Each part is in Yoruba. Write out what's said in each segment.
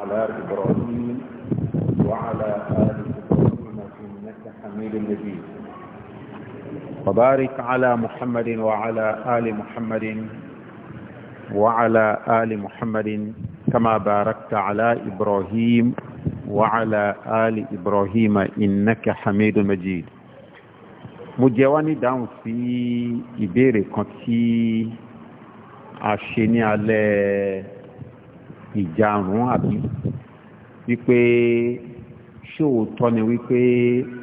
على إبراهيم وعلى آل إبراهيم إنك حميد مجيد وبارك على محمد وعلى آل محمد وعلى آل محمد كما باركت على إبراهيم وعلى آل إبراهيم إنك حميد مجيد mo داو في ابيري dáhùn sí على ìjarun àbí wípé ṣóòótọ́ ni wípé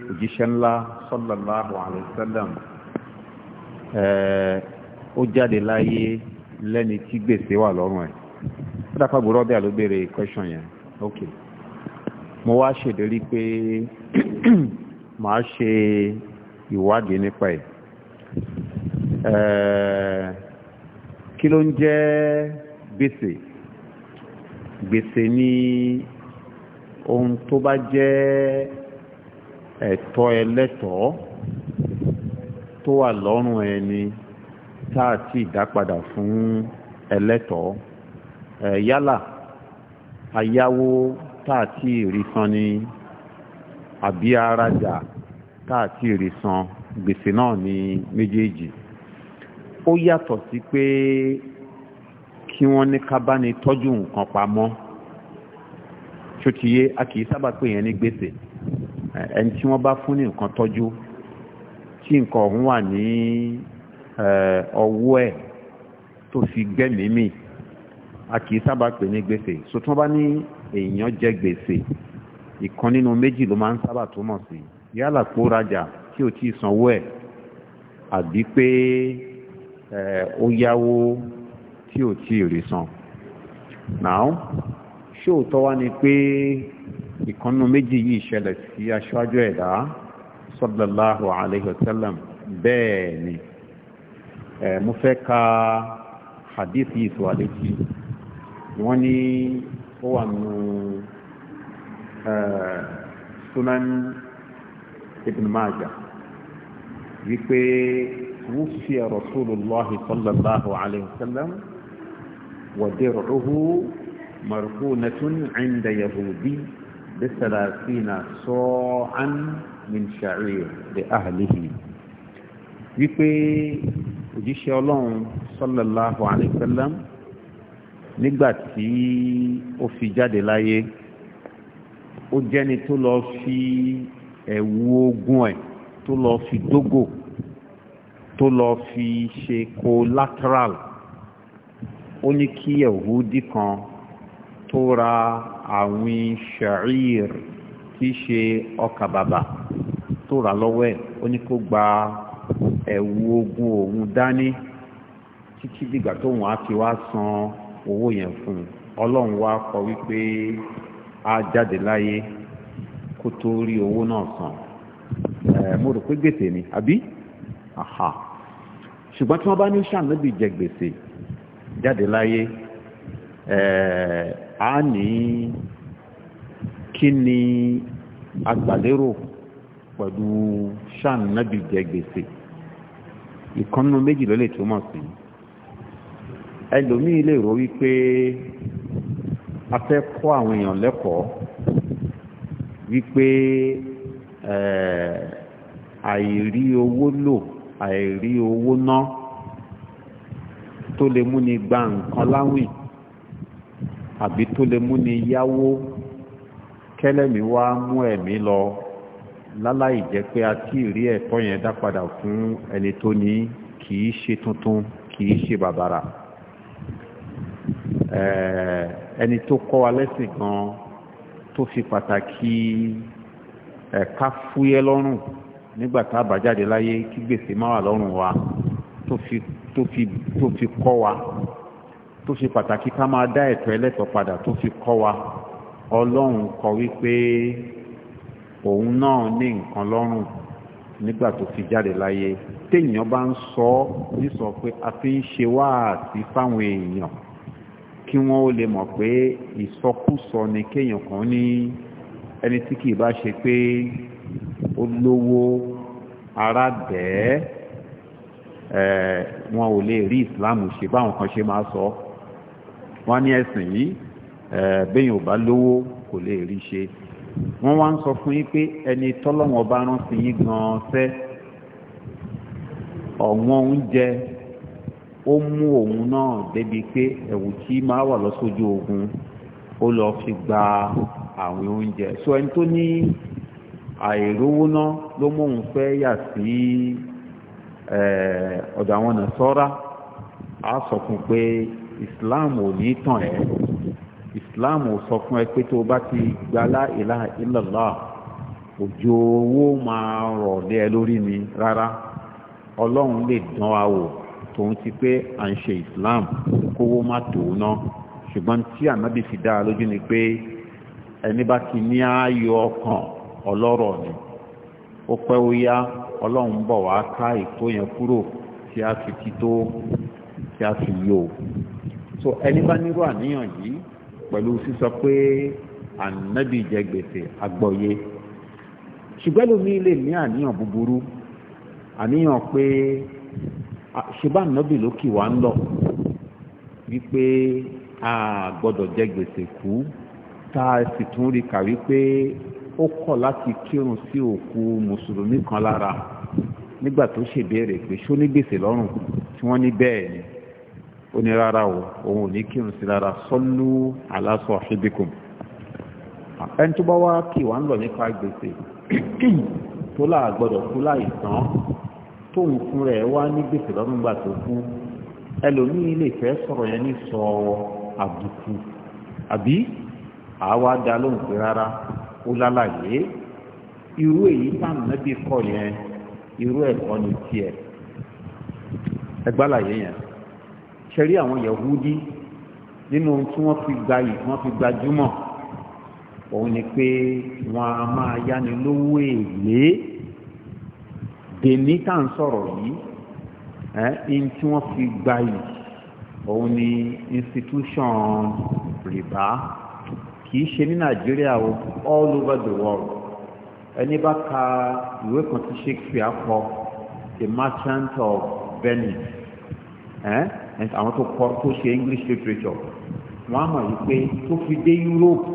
òjíṣẹ́ ńlá sallallahu alaihi wasallam ó jáde láyé lẹ́ni tí gbèsè wà lọ́rùn ẹ̀ ó dápá gbòòrọ́ bí àlóbèrè question yẹn ok mo wá ṣèlérí pé màá ṣe ìwádìí nípa ẹ̀ kí ló ń jẹ́ gbèsè gbèsè ní ohun tó bá jẹ́ ẹ̀tọ́ ẹlẹ́tọ̀ọ́ tó wà lọ́rùn ẹni táà tí ìdápadà fún ẹlẹ́tọ̀ọ́ ẹ̀ yálà ayáwó táà tí ìrìsàn ni àbí arajà táà tí ìrìsàn gbèsè náà ní méjèèjì ó yàtọ̀ sí pé tí wọ́n ní ká bá ní tọ́jú nǹkan pamọ́ ṣòtìyé a kì í sábà pè yẹn ní gbèsè ẹni tí wọ́n bá fún ní nǹkan tọ́jú tí nǹkan ọ̀hún wà ní ọwọ́ ẹ̀ tó fi gbẹ́mìí mì a kì í sábà pè ní gbèsè so bá ní èèyàn jẹ gbèsè ìkan nínú méjì ló máa ń sábà túmọ̀ sí yálà kó rajà tí ò tí sanwó ẹ̀ àbí pé ó yáwó tí ò tí ì rí san now ṣóòtọ́ wá ni pé ìkànnù méjì yìí ṣẹlẹ̀ sí aṣáájú ẹ̀dá sallallahu alayhi wa sallam bẹ́ẹ̀ ni mo fẹ́ ka hadith yìí tó wà létí wọ́n ní ó wà nù sunan ibn majah wípé wúfíà rasulullahi sallallahu alayhi wa ودرعه مركونة عند يهودي بثلاثين صاعا من شعير لأهله wípé òjíṣẹ́ ọlọ́run sallallahu alayhi wa sallam nígbà tí ó fi jáde láyé ó jẹ́ni tó lọ fi ẹ̀wù ogun ẹ̀ tó lọ fi dógò tó lọ fi ṣe collateral ó ní kí yahudi kan tó ra àwìn sha'ir tí í ṣe ọkà bàbà tó rà lọ́wọ́ ẹ̀ ó ní kó gba ẹ̀wù ogun òun dání títí dìgbà tóun á fi wá san owó yẹn fún un ọlọ́run wá kọ wípé á jáde láyé kó tó rí owó náà san mo rò pé gbèsè ni àbí ṣùgbọ́n tí wọ́n bá ní sànẹ́bì jẹ gbèsè jáde láyé eh, a ní kí ni agbàlérò pẹ̀lú ṣáà nábì jẹ gbèsè ìkànnù méjì ló lè túmọ̀ sí ẹlòmíì lè rò wípé a fẹ́ kọ́ àwọn èèyàn lẹ́kọ̀ọ́ wípé eh, àìrí owó lò àìrí owó ná tó lè mú ni gba nǹkan láwìn àbí tó lè mú ni yáwó kẹ́lẹ́mì wá mú ẹ̀mí lọ láláì jẹ́ pé a tí rí ẹ̀tọ́ yẹn dá padà fún ẹni tó ní kì í ṣe tuntun kì í ṣe bàbàrà ẹni tó kọ́ wa lẹ́sìn gan tó fi pàtàkì ẹ̀ka fúyẹ́ lọ́rùn nígbà tá a láyé kí gbèsè má wà lọ́rùn wa tó fi tó fi tó fi kọ́ wa tó ṣe pàtàkì ká máa dá ẹ̀tọ́ ẹlẹ́tọ̀ padà tó fi kọ́ wa ọlọ́run kọ wípé òun náà ní nǹkan lọ́rùn nígbà tó fi jáde láyé téèyàn bá ń sọ ọ́ nísọ pé a fi ń ṣe wáàtí fáwọn èèyàn kí wọ́n ó lè mọ̀ pé ìsọkúsọ ni kéèyàn kan ní ẹni tí kì í bá ṣe pé ó lówó ara dẹ̀ẹ́ Eh, wọn ò lè rí ìsìláàmù ṣe báwọn kan ṣe máa sọ wọ́n ní ẹ̀sìn yìí eh, bẹ́yìn ò bá lówó kò lè rí ṣe wọ́n wá ń sọ fún yín pé ẹni tọ́lọ́wọ́n bá rán sí yín gan-an fẹ́ ọ̀wọ́n oúnjẹ ó mú òun náà débi pé ẹ̀wù tí máa wà lọ́sójú ogun ó lọ fi gba àwọn oúnjẹ so ẹni tó ní àìrówó náà ló mú òun fẹ́ yà sí. Si, Eh, ọ̀dọ̀ àwọn nàṣọ́ra á sọ fún pé islam ò ní tàn islam ò sọ fún ẹ pé tó o bá ti gba la ilaha òjò owó máa rọ̀ lé ẹ lórí ni rárá ọlọ́run lè dán wa wò tòun ti pé à ń islam kówó má tòun ṣùgbọ́n tí ànábì fi dára lójú ni pé ẹni bá ti ní ààyò ọkàn ọlọ́rọ̀ ni ó pẹ́ ọlọ́run bọ̀ wá ká ìtó yẹn kúrò tí a fi kí tó tí a fi yọ so ẹni bá nírú àníyàn yìí pẹ̀lú sísọ pé ànábì jẹ gbèsè agbọ́yé ṣùgbọ́n lómi lè ní àníyàn búburú àníyàn pé ṣùgbọ́n ànábì ló kì wá ń lọ wípé a gbọ́dọ̀ jẹ gbèsè kú tá a sì tún rí kà wípé ó kọ̀ láti kírun sí òkú mùsùlùmí kan lára nígbà tó ṣèbéèrè pé ṣó ní gbèsè lọ́rùn tí wọ́n ní bẹ́ẹ̀ ni ó ní rárá o òun ò ní kírun sí lára sọ́lú aláṣọ àṣíbíkùn ẹni tó bá wá kí wà ń lọ nípa gbèsè tó láà gbọ́dọ̀ kú láì tán tóun fún rẹ̀ wá ní gbèsè lọ́rùn gbà tó kú ẹlòmíín lè fẹ́ sọ̀rọ̀ yẹn ní sọ àbùkù àbí àwa dá lóhùn pé rárá ó lálàyé irú èyí sànàbí kọ yẹn irú ẹ̀kọ́ ni tiẹ̀ ẹgbàláyé yẹn ṣẹ̀rí àwọn yahudi nínú ohun tí wọ́n fi gba yìí wọ́n fi gbajúmọ̀ òun ni pé wọ́n a máa yáni lówó èlé dèní tá à ń sọ̀rọ̀ yìí ẹ ní tí wọ́n fi gba yìí òun ni institution rìbá kìí ṣe ní nàìjíríà o all over the world ẹni bá ka ìwé kan tí shakespeare kọ the merchant of venice ẹ eh, àwọn tó kọ tó ṣe english literature wọ́n á mọ̀ yìí pé tó fi dé europe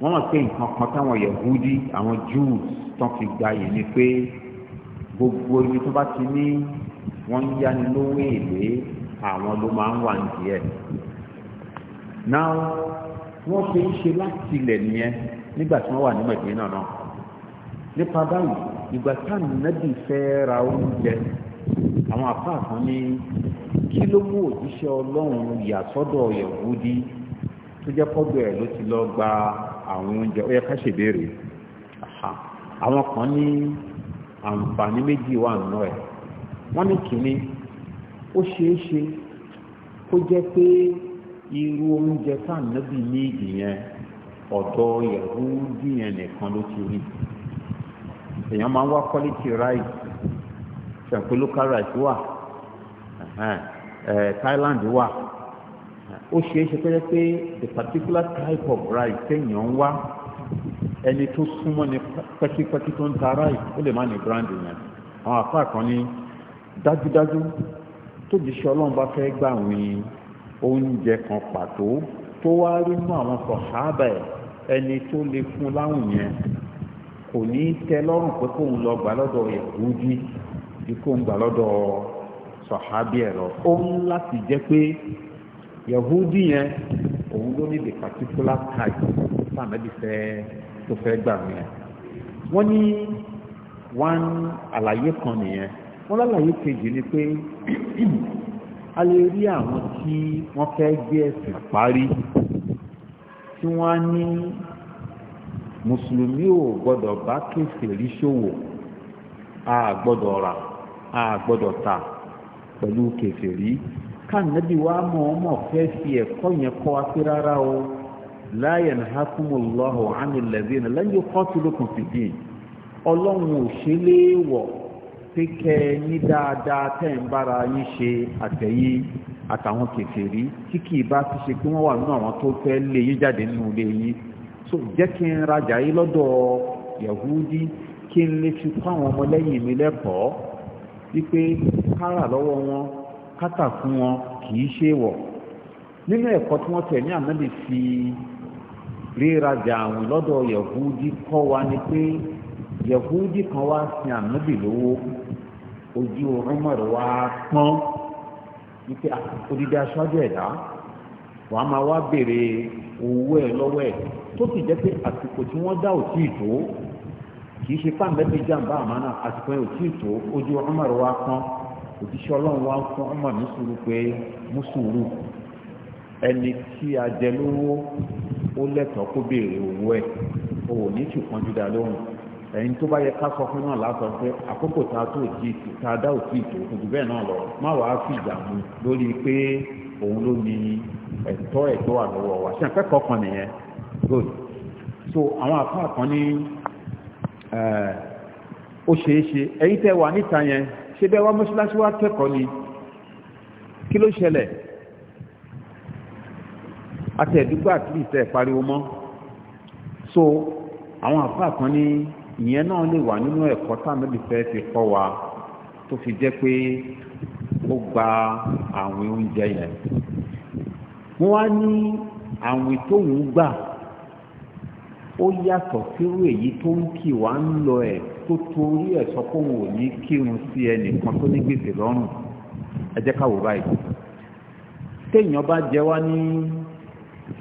wọ́n mọ̀ pé nǹkan kan táwọn yahudi àwọn jews tán fi gba yìí ni pé gbogbo ibi tó bá ti ní wọ́n ń yáni lówó èlé àwọn ló máa ń wà ní díẹ̀ now wọ́n ṣe ń ṣe láti ilẹ̀ nìyẹn nígbà tí wọ́n wà ní Mẹ̀dínà náà nípa báyìí ìgbà táwọn nẹ́bì fẹ́ ra oúnjẹ àwọn àpá kan ní kí ló mú òjíṣẹ́ ọlọ́run ìyàsọ́dọ̀ Yẹ̀húdí tó jẹ́ pọ́dọ̀ ẹ̀ ló ti lọ gba àwọn oúnjẹ ó yẹ ká ṣèbéèrè àwọn kan ní àǹfààní méjì wà nù ẹ̀ wọ́n ní kínní ó ṣeé ṣe kó jẹ́ pé irú oúnjẹ tànàbì ní ìdìyẹn ọ̀dọ̀ yahudi yẹn nìkan ló ti rí èèyàn máa ń wá quality rice ṣàǹpé local rice wà Thailand wà ó ṣeé ṣe pé pé the particular type of rice téèyàn ń wá ẹni tó súnmọ́ ni pẹ́kípẹ́kí tó ń ta rice ó lè má ní brand yẹn àwọn àfáà kan ní dájúdájú tobi ṣe ọlọ́run bá fẹ́ gbà wín oúnjẹ kan pàtó tó wá rí mú àwọn sọ̀hábà ẹ̀ ẹni tó lè fún láwùn yẹn kò ní tẹ lọ́rùn pé kóun lọ gbà lọ́dọ̀ yẹ̀húdí ju kóun gbà lọ́dọ̀ sọ̀hábì ẹ̀ lọ ó ń láti jẹ́ pé yẹ̀húdí yẹn òun ló ní the particular type sàmẹ́bí fẹ́ tó fẹ́ gbà yẹn wọ́n ní wọ́n àlàyé kan nìyẹn wọ́n lálàyé kejì ni pé a lè rí àwọn tí wọ́n fẹ́ gbé ẹ̀sìn parí tí wọ́n ní mùsùlùmí ò gbọ́dọ̀ bá ṣòwò a gbọ́dọ̀ rà a gbọ́dọ̀ tà pẹ̀lú kèfèrí kánàbí wa mọ̀ ọmọ fẹ́ fi ẹ̀kọ́ yẹn kọ́ wa rárá o la yanhakumullahu anil ladhina lan yuqatilukum pé kẹ́ ẹ ní dáadáa tẹ́ ń bára yín ṣe àtẹ̀yìn àtàwọn kèfèrí tí kì í bá ti ṣe pé wọ́n wà nínú àwọn tó fẹ́ lé yín jáde nínú ilé yín so jẹ́ kí n rajà yín lọ́dọ̀ yahudi kí n lè fi kọ́ àwọn ọmọlẹ́yìn mi lẹ́kọ̀ọ́ wípé kárà lọ́wọ́ wọn kátà fún wọn kì í ṣe wọ̀ nínú ẹ̀kọ́ tí wọ́n tẹ̀ ní ànábì fi rírajà àwìn lọ́dọ̀ yahudi kọ́ wa ni pé yahudi kan wá sin ànábì lówó ojú Umar wá pọ́n wípé ah, odidi aṣáájú ẹ̀dá wàá máa wá béèrè owó ẹ̀ lọ́wọ́ ẹ̀ tó sì jẹ́ pé àsìkò tí wọ́n dá òtí ìtò kì í ṣe pàǹbẹ́bí jàǹbá àmánà àsìkò yẹn òtí ìtò ojú Umar wá pọ́n òjíṣẹ́ ọlọ́run wá fún Umar ní sùúrù pé mú sùúrù ẹni tí a jẹ lówó ó lẹ́tọ̀ọ́ kó béèrè owó ẹ̀ òun ò ní tù pọ́njú dá lóhùn ẹ̀yin tó bá yẹ ká sọ fún náà lásán pé àkókò tá a tó di tá a dá òfin ìtò kò jù bẹ́ẹ̀ náà lọ má wàá fi ìdààmú lórí pé òun ló ní ẹ̀tọ́ ẹ̀tọ́ wà lọ́wọ́ wa ṣe akẹ́kọ̀ọ́ kan nìyẹn good so àwọn àfáà kan ní ó ṣeé ṣe ẹ̀yin tẹ́ wà níta yẹn ṣé bẹ́ẹ̀ wá mọ́ṣáláṣí wá kẹ́kọ̀ọ́ ni kí ló ṣẹlẹ̀ àtẹ̀dúgbà kìí tẹ̀ pariwo mọ́ so àwọn àfáà kan ní ìyẹn náà lè wà nínú ẹ̀kọ́ tánàbì fẹ́ fi kọ́ wa tó fi jẹ́ pé ó gba àwìn oúnjẹ yẹn wọ́n wá ní àwìn tóun gbà ó yàtọ̀ sírú èyí tó ń kì wá ń lọ ẹ̀ tó torí ẹ̀ sọ pé òun ò ní kírun sí ẹnìkan tó ní gbèsè lọ́rùn ẹ jẹ́ ká wò báyìí téèyàn bá jẹ wá ní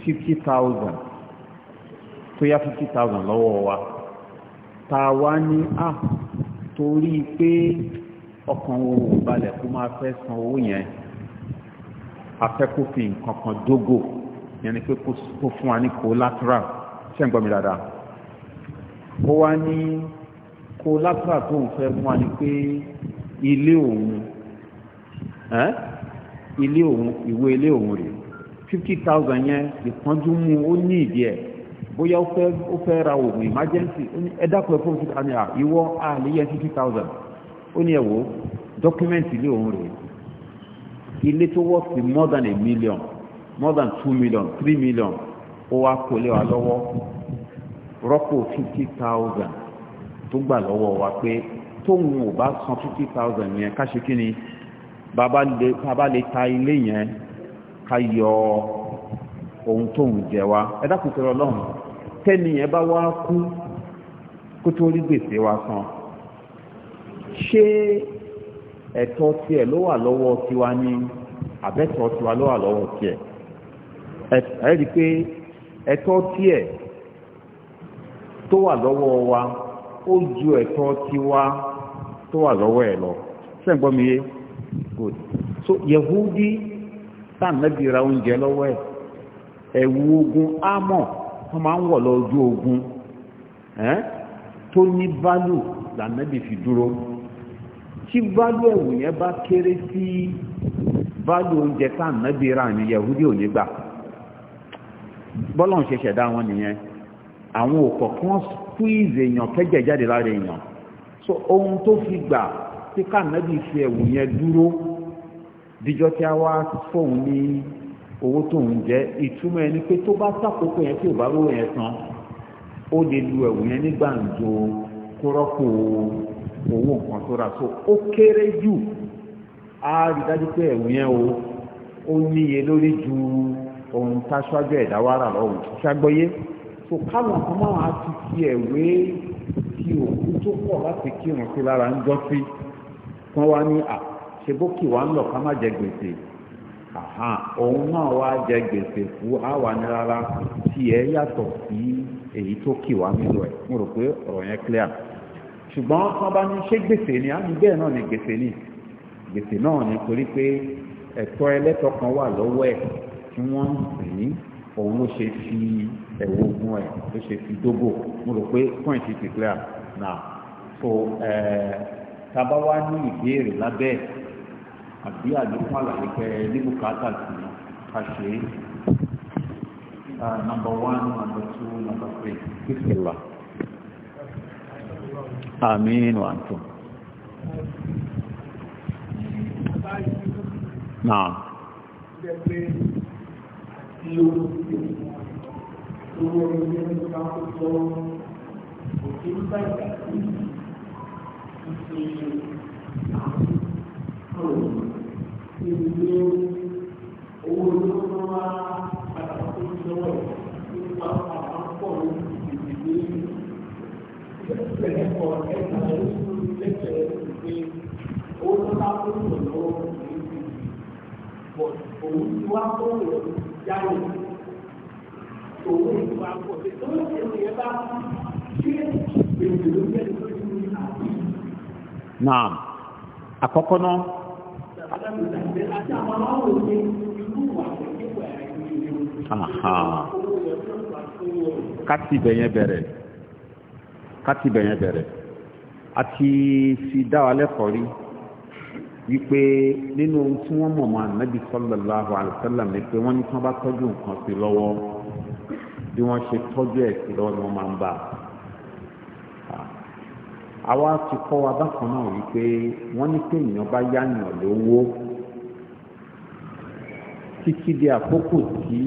fifty thousand tó yá fifty thousand lọ́wọ́ wa tàwa ní à torí pé ọkàn owó balẹ̀ kó máa fẹ́ san owó yẹn afẹ́kófin kankan dógò yẹn ni pé kó fún wa ní collateral ṣé ń gbọ́ mi dáadáa ó wá ní collateral tó ń fẹ́ fún wa ni pé ilé òun ilé òun ìwé ilé òun rè fifty thousand yẹn ìpọ́njú mú ó ní ìdí ẹ̀ bóyá ó fẹ́ ó fẹ́ ra oògùn emergency ẹ dákun ẹ fún mi síta ní à ìwọ àlẹyẹ fifty thousand ó ní ẹ wò ó dọ́kúmẹ́ǹtì ilé òun rèé ilé tó wọ́ sí more than a million more than two million three million ó wá kó lé wa lọ́wọ́ rọ́pò fifty thousand tó gbà lọ́wọ́ wa pé tóun ò bá san fifty thousand yẹn ká ṣe kí ni bàbá lè ta ilé yẹn ká yọ ohun tóun jẹ wa ẹ dákun tẹ̀lé ọlọ́run tẹ́niyàn bá wá kú kó tó rí gbèsè wa san ṣé ẹ̀tọ́ tiẹ̀ ló wà lọ́wọ́ tiwa ní àbẹ́tọ̀ tiwa ló wà lọ́wọ́ tiẹ̀ ẹ rí i pé ẹ̀tọ́ tiẹ̀ tó wà lọ́wọ́ wa ó ju ẹ̀tọ́ tiwa tó wà lọ́wọ́ ẹ̀ lọ sẹ́ǹgbọ́n good so yehudi tá à ń mẹ́bi ra oúnjẹ lọ́wọ́ ẹ̀ ẹ̀wù ogun ámọ̀ wọ́n máa ń wọ̀ lọ ojú ogun tó ní bálù lànàbì fi dúró tí bálù ẹ̀wù yẹn bá kéré sí bálù oúnjẹ tá ànàbì rà ní yahudi ò ní gbà bọ́lọ̀ ń ṣe ṣẹ̀dá wọn nìyẹn àwọn òkọ̀ kí wọ́n squeeze èèyàn kẹ́jẹ̀ jáde lára èèyàn so ohun tó fi gbà tí kànàbì fi ẹ̀wù yẹn dúró díjọ́ tí a wá fóun ní owó tó ń jẹ ìtumọ̀ ẹni pé tó bá sàkókò yẹn tí ò bá rówó yẹn san ó lè lu ẹ̀wù yẹn ní gbàǹjo kó owó nǹkan tó rà so ó kéré jù á rí dájú pé ẹ̀wù yẹn o ó níye lórí ju ohun táṣáájú ẹ̀dá wa rà lọ́wọ́ ṣàgbọ́yé so káwọn kan máa wá ti fi ẹ̀wé ti òkú tó pọ̀ láti kírun sí lára ń jọ́ sí wọ́n wá ní à ṣe ń lọ ká má jẹ gbèsè òun náà wá jẹ gbèsè fún àwa ní rárá tí ẹ yàtọ̀ sí èyí tó kì wá nílò ẹ̀ mo rò pé ọ̀rọ̀ yẹn clear ṣùgbọ́n wọ́n bá ní ṣé gbèsè ni àmì bẹ́ẹ̀ náà ni gbèsè ni gbèsè náà ni torí pé ẹ̀tọ́ ẹlẹ́tọ̀ kan wà lọ́wọ́ ẹ̀ tí wọ́n ń sìn ní òun ló ṣe fi ẹ̀wọ̀ ogun ẹ̀ ló ṣe fi dógò mo rò pé point ti clear now so ẹ̀ẹ́d eh, tá ní ìbéèrè lábẹ́ àbí àlékún àlàyé pé níbù káàtà sí ká ṣe é ah, number one number two number three bismillah amin wa antum naam Thank you ìdílé owó olóòtú wa pàtàkì lọ́wọ́ nípa àwọn pọ̀ ní ìdílé ìgbẹ́sẹ̀lẹ́kọ̀ ẹ̀ka ẹ̀rọ lẹ́sẹ̀ pé owó tó bá tó lò lọ́wọ́ ní ìdílé bọ̀ òun ti wá tó lò jáwé owó ìwà pọ̀ sí tó lè ṣe ìyẹn bá ṣe ìgbèlè ló jẹ́ lórí àbí. Naam, àkọ́kọ́ náà kati bẹ̀yẹn bẹ̀rẹ̀ kati bẹ̀yẹn bẹ̀rẹ̀ a ti fi dá wa lẹ́kọ̀ọ́ rí wípé nínú ohun tí wọ́n mọ̀ mọ́ ànábì sallallahu alaihi wasallam ni pé wọ́n ní kí wọ́n bá tọ́jú nǹkan sí lọ́wọ́ bí wọ́n ṣe tọ́jú ẹ̀ sí lọ́wọ́ ni wọ́n máa ń bá a àwa ti kọ́ wa bákan náà wípé wọ́n ní kéèyàn bá yáyàn lówó títí di àkókò tí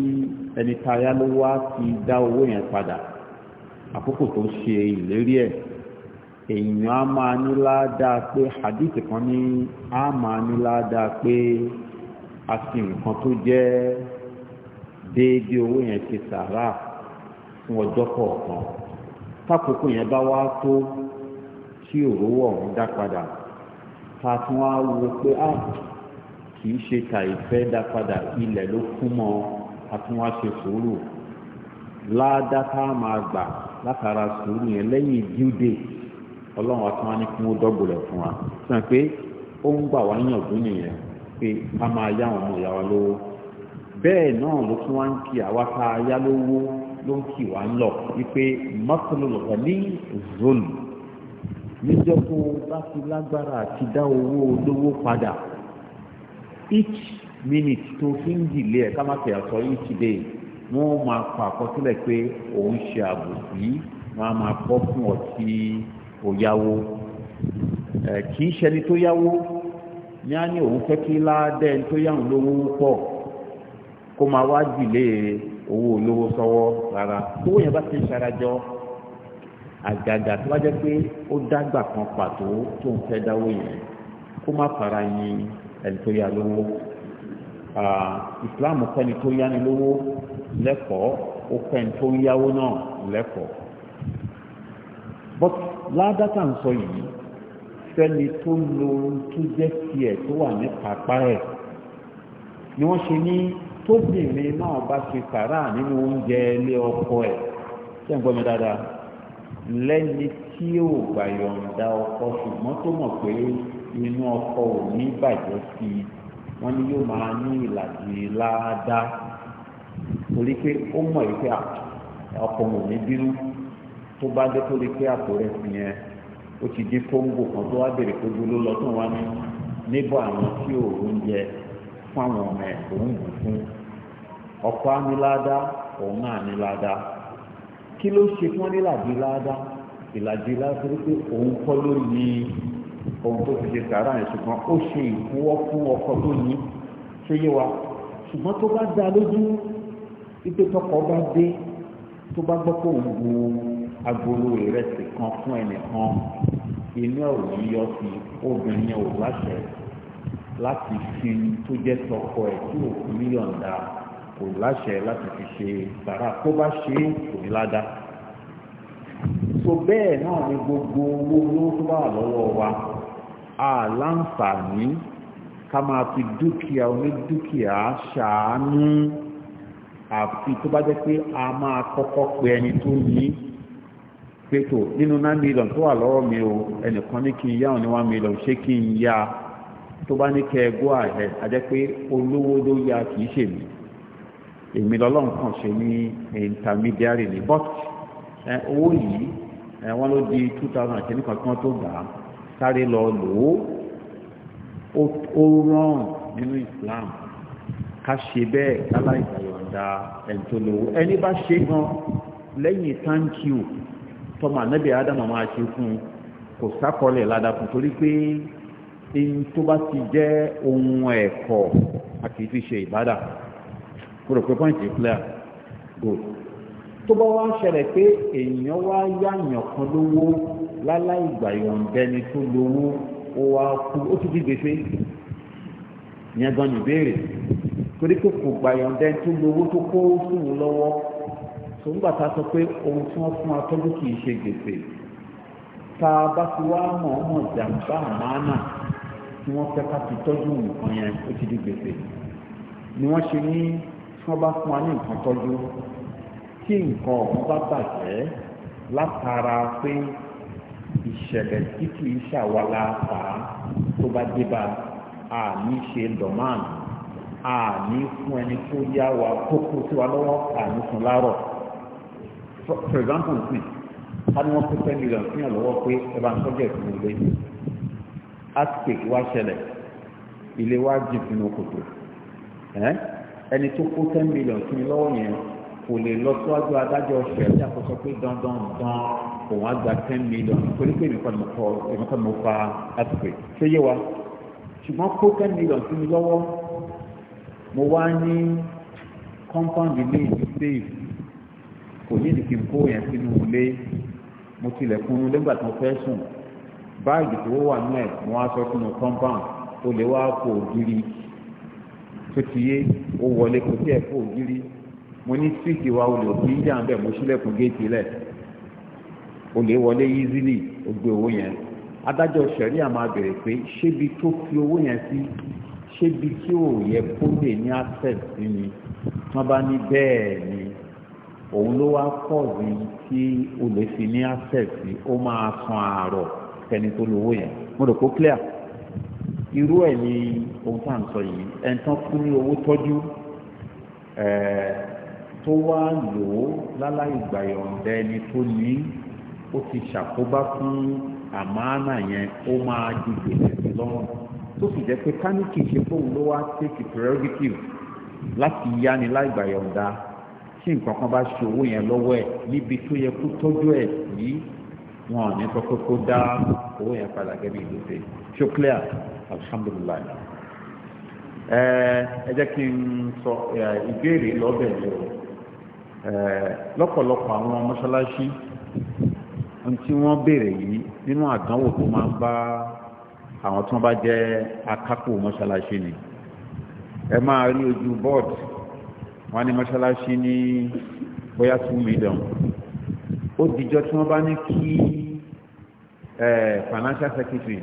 ẹni tá a yá lówó á ti dá owó yẹn padà àkókò tó ṣe ìlérí ẹ̀ èèyàn á máa ní ládàá pé hadith kan ní á máa ní ládàá pé a sì nǹkan tó jẹ́ déédéé owó yẹn ti sàrà fún ọjọ́ kọ̀ọ̀kan tákòókò yẹn bá wá tó tí òrówó ọ̀hún dá padà ta tún wá wo pé a ah, kì í ṣe kàìfẹ́ dá padà ilẹ̀ ló kún mọ́ a tún wá ṣe sùúrù ládàtà máa gbà látara sùúrù yẹn lẹ́yìn due date ọlọ́run àti wọn ní kí wọ́n dọ́gbọ̀lẹ̀ fún wa sọ pé ó ń gbà wá níyànjú nìyẹn pé ká máa yá àwọn ọmọ ìyá wa lówó bẹ́ẹ̀ náà ló tún wá ń kí àwa ká yá lówó ló ń kì wá ń lọ wípé mọ́tòlólọ́gbà ní zolu níjọ́ tó o bá fi lágbára àti dá owó olówó padà each minute tó fi ń dìlé ẹ̀ ká má fi àtọ́ each day wọ́n máa pa àkọsílẹ̀ pé òun ṣe àbòsí wọ́n á máa kọ́ fún ọtí òyàwó ẹ̀ kì í ṣẹni tó yáwó ní á ní òun fẹ́ kí ládẹ́ tó yáwó lówó pọ̀ kó máa wá dìlé owó olówó sọ́wọ́ rárá owó yẹn bá ti ń ṣarajọ́ àgàgà tó bá jẹ́ pé ó dágbà kan pàtó tó ń fẹ́ dáwó yẹn kó má fara yin ẹni tó yá lówó ìsìláàmù kọ́ni tó yáni lówó lẹ́kọ̀ọ́ ó fẹ́ni tó ń yáwó náà lẹ́kọ̀ọ́ but ládàtà ń sọ yìí fẹ́ni tó lo tó jẹ́ tiẹ̀ tó wà ní kápá ẹ̀ ni wọ́n ṣe ní tóbìnrin náà bá ṣe sàrà nínú oúnjẹ ilé ọkọ ẹ̀ ṣé ń gbọ́ mi dáadáa. lẹ́ni tí ò gbà yọ̀ǹda ọkọ ṣùgbọ́n tó mọ̀ pé inú ọkọ ò ní bàjẹ́ sí i wọ́n ní yóò máa ní ìlàjì láadáa torí pé ó mọ̀ yìí pé ọkọ ò ní bínú tó bá dé tó lè pé àpò rẹ̀ sì yẹn ó ti kí ló ṣe fún nílàjì ládá ìlàjì ládá pé òun kọ́ ló ní ohun tó fi ṣe sàárà yẹn ṣùgbọ́n ó ṣe ìfúwọ́ fún ọkọ tó ní ṣé yé wa ṣùgbọ́n tó bá dá lójú wípé tọkọ bá dé tó bá gbọ́ pé òun bu agolo ìrẹsì kan fún ẹnìkan inú ẹ̀rù yíyọ sí obìnrin yẹn ò láṣẹ láti fi tó jẹ́ tọkọ ẹ̀ tí òkú mílíọ̀nù kò láṣẹ láti fi ṣe sàrà tó bá ṣe kò ní ládàá so bẹ́ẹ̀ náà ni gbogbo owó olówó tó bá lọ́wọ́ wa àláǹfààní ká máa fi dúkìá onídúkìá ṣàánú àfi tó bá jẹ́ pé a máa kọ́kọ́ pe ẹni tó ní pétò nínú nine million tó wà lọ́wọ́ mi o ẹnìkan ní kí n yá òní one million ṣé kí n yá tó bá ní kẹ́ ẹ àjẹ́ pé olówó ló yá kì í ṣèmi èmi lọ́lọ́run kàn ṣe ní intermediary ní but owó yìí wọ́n ló di two thousand àti nìkan kí wọ́n tó gbà á sáré lọ lò ó ó rọrùn nínú Islam ká ṣe bẹ́ẹ̀ lálá ìgbàyọ̀ǹda ẹni tó lówó ẹni bá ṣe gan lẹ́yìn thank you tọmọ ànábì ádámà máa ṣe fún un kò sákọlẹ̀ ládàkùn torí pé ẹni tó bá ti jẹ́ ohun ẹ̀kọ́ àti fi ṣe ìbádà mo rò pé pọ́ǹtì clear good tó bá wá ń ṣẹlẹ̀ pé èèyàn wá yáàyàn kan lówó láláì gbàyọ̀ǹdẹ́ni tó lówó ó wá kú ó ti di gbèsè ìyẹn gan ni ìbéèrè torí pé kò gbàyọ̀ǹdẹ́ni tó lówó tó kó sùn lọ́wọ́ tòǹgbà tá a sọ pé ohun tí wọ́n fún wa tọ́jú kì í ṣe gbèsè tá a bá ti wá mọ̀ ọmọ ìjàmbá àmàna tí wọ́n fẹ́ ká fi tọ́jú nǹkan yẹn ó ti di gbèsè ni wọ́n ṣe ní tí wọ́n bá fún wa ní nǹkan tọ́jú tí nǹkan ọ̀hún bá bàjẹ́ látara pé ìṣẹ̀lẹ̀ tí kì ṣàwálà fà á tó bá dé bá a ní ṣe dọ̀mán a ní fún ẹni tó yá wa tó kú wa lọ́wọ́ a ní fún láàrọ̀ for example sí ká ní wọ́n pín ten million fún yàn lọ́wọ́ pé ẹ bá ń tọ́jú ẹ̀sìn ilé earthquake wá ṣẹlẹ̀ ilé wa jìn sínú kòtò ẹni tó kó ten million sí mi lọ́wọ́ yẹn kò lè lọ síwájú adájọ́ ṣẹ̀rí àkọsọ pé dandan dan òun á gba ten million torí pé èmi kan mo fa àtùpè ṣé yé wa ṣùgbọ́n kó ten million sí mi lọ́wọ́ mo wá ní compound ilé ìlú save kò ní ìdí kí n kó yẹn sínú ilé mo tilẹ̀kùn un lẹ́gbàá tí mo fẹ́ sùn báàgì tó wà náà mo wá sọ sínú compound o lè wá kó ògiri tó ti yé ó wọlé kò tí ẹ̀ kó ògiri mo ní síìtì wa olè òkè yíyá ń bẹ̀ mo sílẹ̀kùn géètì lẹ̀ olè wọlé yízílì ògbé owó yẹn adájọ́ sẹ̀rí àmà bèrè pé ṣébi tó fi owó yẹn sí ṣébi tí ò yẹ kó lè ní access ni wọ́n bá ní bẹ́ẹ̀ ni òun ló wá kọ́ọ̀dù tí olè fi ní access ó máa san àárọ̀ tẹni tó lówó yẹn mo rò kó clear irú ẹ̀ ni ohun tá à ń sọ yìí ẹni tán fún ní owó tọ́jú tó wá lò ó láláì gbàyọ̀ǹda ẹni tó ní ó ti ṣàkóbá fún àmàánà yẹn ó máa di gbèsè sí lọ́rùn tó sì jẹ́ pé kánìkì ṣe fóun ló wá take prerogative láti yáni láì gbàyọ̀ǹda tí nǹkan kan bá ṣe owó yẹn lọ́wọ́ ẹ̀ níbi tó yẹ kó tọ́jú ẹ̀ sí wọn ò ní sọ pé kó dá owó yẹn padà gẹ́gẹ́ bí ìlú ṣe ṣó clear alhamdulilayi ẹ jẹ́ kí n sọ ìbéèrè lọ́bẹ̀ mi o lọ́pọ̀lọpọ̀ àwọn mọ́ṣáláṣí ohun tí wọ́n béèrè yìí nínú àdánwò tó máa ń bá àwọn tí wọ́n bá jẹ́ akápò mọ́ṣáláṣí ni ẹ máa rí ojú bọ́ọ̀dù wọn ní mọ́ṣáláṣí ní bóyá two million ó dìjọ tí wọ́n bá ní kí financial secretary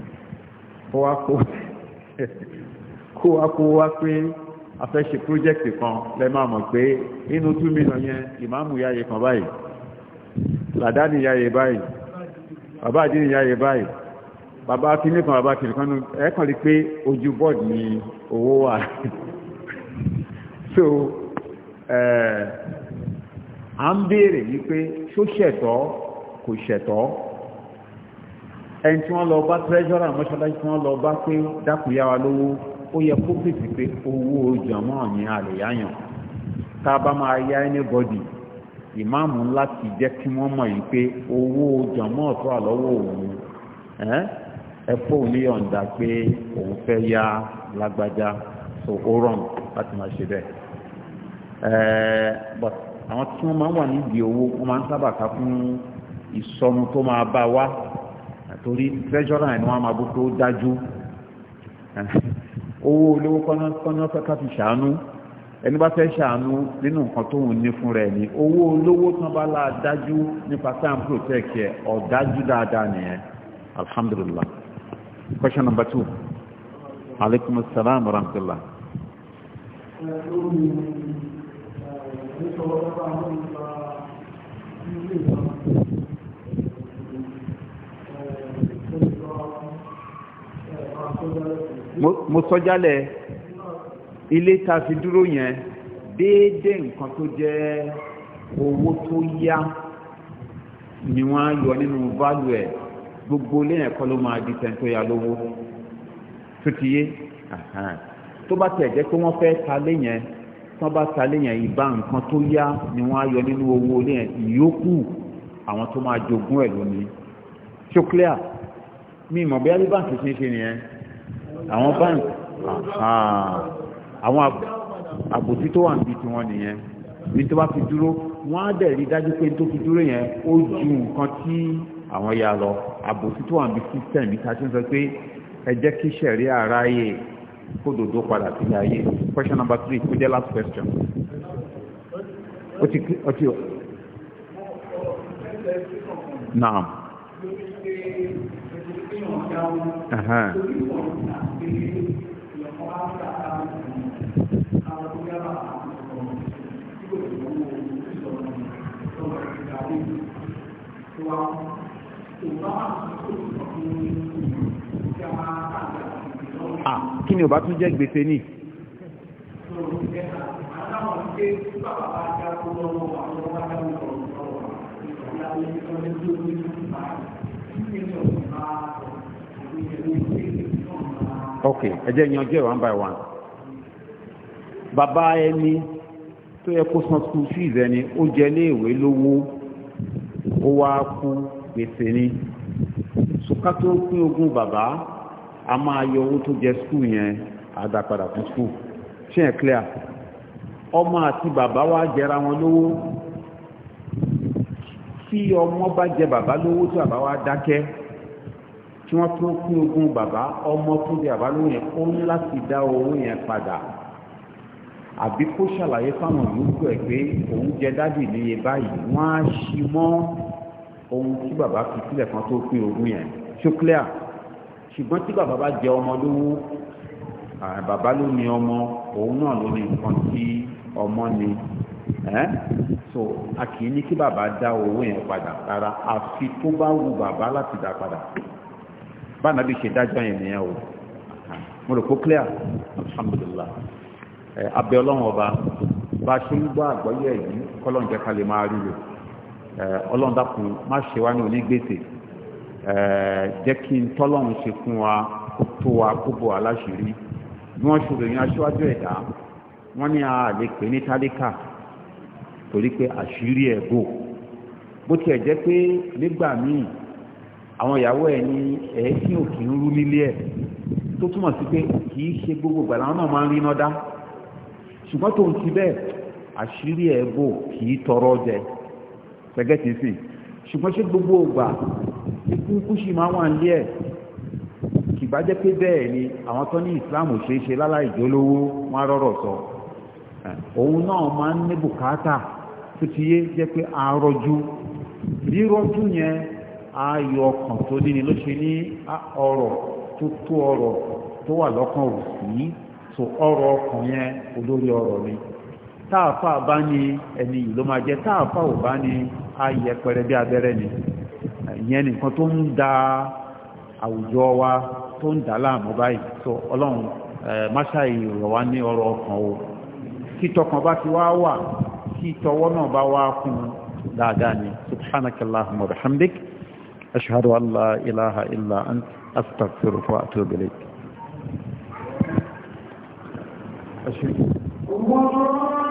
kó wá kó kó wá kó wá pé a fẹ́ ṣe project kan lẹ máa mọ̀ pé inú two million yẹn ìmáàmù yáyẹ kan báyìí làdáni yáyẹ báyìí bàbá àdínì yáyẹ báyìí bàbá kíní kan bàbá kìnìkan nù ẹ̀ẹ́kàn rí pé ojú bọ́ọ̀dù ni owó wà so ẹ̀ẹ́ à ń béèrè wípé ṣó ṣẹ̀tọ́ kò ṣẹ̀tọ́ ẹni tí wọ́n lọ bá treasurer mọ́ṣáláṣí tí wọ́n lọ bá pé dákúyá wa lówó ó yẹ kó fèsì pé owó jọmọ́ ní àlèyáyàn tá a bá máa yá anybody ìmáàmù ńlá ti jẹ́ kí wọ́n mọ̀ yìí pé owó jọmọ́ tó wà lọ́wọ́ òun ẹ̀fọ́ oníyọ̀ǹda pé òun fẹ́ yá lágbájá so ó rọrùn láti máa ṣe bẹ́ẹ̀ àwọn tí wọ́n máa ń wà nídìí owó wọ́n máa ń sábà ká fún ìsọnù tó máa bá wa torí treasurer ni wọ́n máa bó tó dájú owó olówó kọ́nà fẹ́ ká fi ṣàánú ẹni bá fẹ́ ṣàánú nínú nǹkan tóun ní fún rẹ̀ ni owó olówó tán bá la dájú nípa time protect ẹ̀ ọ̀dájú dáadáa nìyẹn alhamdulillah question number two aleykum salaam wa rahmatulah nítorí ọlọ́pàá àwọn ìgbà ilé ìjọba mo sọjálẹ̀ ilé ta fi dúró yẹn déédé nǹkan tó jẹ́ owó tó yá ni wọ́n yọ nínú value ẹ̀ gbogbo ilé yẹn kọ́ ló máa di tẹ́ńtò ya lówó tó ti yé tó bá tẹ̀ jẹ́ pé wọ́n fẹ́ ta lé yẹn tán bá ta léyàn ìbá nǹkan tó yá ni wọ́n á yọ nínú owó léyàn ìyókù àwọn tó máa jogún ẹ̀ lónìí ṣó clear mi mọ̀ bí báńkì ṣe ń ṣe nìyẹn àwọn báńkì àwọn àbòtí tó wà níbi tiwọn nìyẹn ibi tó bá fi dúró wọ́n á dẹ̀ rí dájú pé tó fi dúró yẹn ó ju nǹkan tí àwọn ya lọ àbòtí tó wà níbi system yìí ta ṣe ń sọ pé ẹ jẹ́ kí ṣẹ̀rí àráyè kó dòdó padà sí ayé question number three kó the last question. ó ti ó ti ó. naam. Uh-huh. Ah, kí ni ò bá tún jẹ́ gbèsè ní? ok ẹ jẹ́ yanjú ẹ̀ one by one bàbá ẹni tó yẹ kó san school fees ẹni ó jẹ léèwé lówó ó wá kú gbèsè ni sùkà tó pín ogún bàbá a máa yọ owó tó jẹ school yẹn àdàpadà fún school ṣé yẹn clear ọmọ àti bàbá wa jẹra wọn lówó tí ọmọ bá jẹ bàbá lówó tí bàbá wa dákẹ́ tí wọ́n tún kún ogún bàbá ọmọ tó jẹ bàbá lówó yẹn ó ní láti dá owó yẹn padà àbí kó ṣàlàyé fáwọn yòókù ẹ̀ pé òun jẹ dádì níye báyìí wọ́n á ṣi mọ́ ohun tí bàbá fi sílẹ̀ kan tó pín ogún yẹn ṣókíà ṣùgbọ́n tí bàbá bá jẹ ọmọ lówó bàbá ló ní ọmọ òun náà ló ní nǹkan tí ọmọ ni ẹ́n so a kì í ní kí bàbá dá owó yẹn padà rárá àfi tó bá wù bàbá láti dá padà báńdà bí ṣe dájọ́ yẹn nìyẹn o mo rò pé clear alhamdulillah ẹ ọlọ́run ọba bá ṣe ń gbọ́ àgbọ́yé yìí kọ́lọ́n jẹ́ ká lè máa rí lò ọlọ́run dákun má ṣe wá ní onígbèsè jẹ́ kí n tọ́lọ́run ṣe fún wa tó wa kó bò aláṣìírí bí wọ́n ṣe ròyìn aṣíwájú ẹ̀dá wọ́n ní a lè pè ní tálíkà torí pé àṣírí ẹ̀ bò bó tiẹ̀ jẹ́ pé nígbà míì àwọn ìyàwó ẹ̀ ní ẹ̀ẹ́sìn òkè ń rú nílé ẹ̀ tó túmọ̀ sí pé kì í ṣe gbogbo ìgbà làwọn náà máa ń rí iná dá ṣùgbọ́n tó ń ti bẹ́ẹ̀ àṣírí ẹ̀ bò kì í tọrọ jẹ gẹ́gẹ́tì sìn ṣùgbọ́n ṣé gbogbo ìgbà ikú ṣì máa wà nílé ẹ̀ kì bá jẹ́ pé bẹ́ẹ̀ ni àwọn tó ní ìsìláàmù ṣeé ṣe láláìjólówó wọn á sọ òun náà máa ń ní bùkátà tó ti yé jẹ́ pé arọ́jú rírọ́jú yẹn ayọ̀ ọkàn tó níni ló ṣe ní ọrọ̀ tó tó ọrọ̀ tó wà lọ́kàn sí so ọkàn yẹn olórí ni táàfà bá ní ẹni yìí ló máa jẹ táàfà ò bá ní ayẹ pẹrẹ bí abẹ́rẹ́ ni ìyẹn nìkan tó ń da àwùjọ wa tó ń dà láàmú báyìí so ọlọ́run kí títọkàn bá ti wá wà kí títọwọ́ náà bá wá kún dáadáa ni subhanaka allahumma wa bihamdik ashhadu an la ilaha illa ant astaghfiruka wa atubu ilayk Thank you.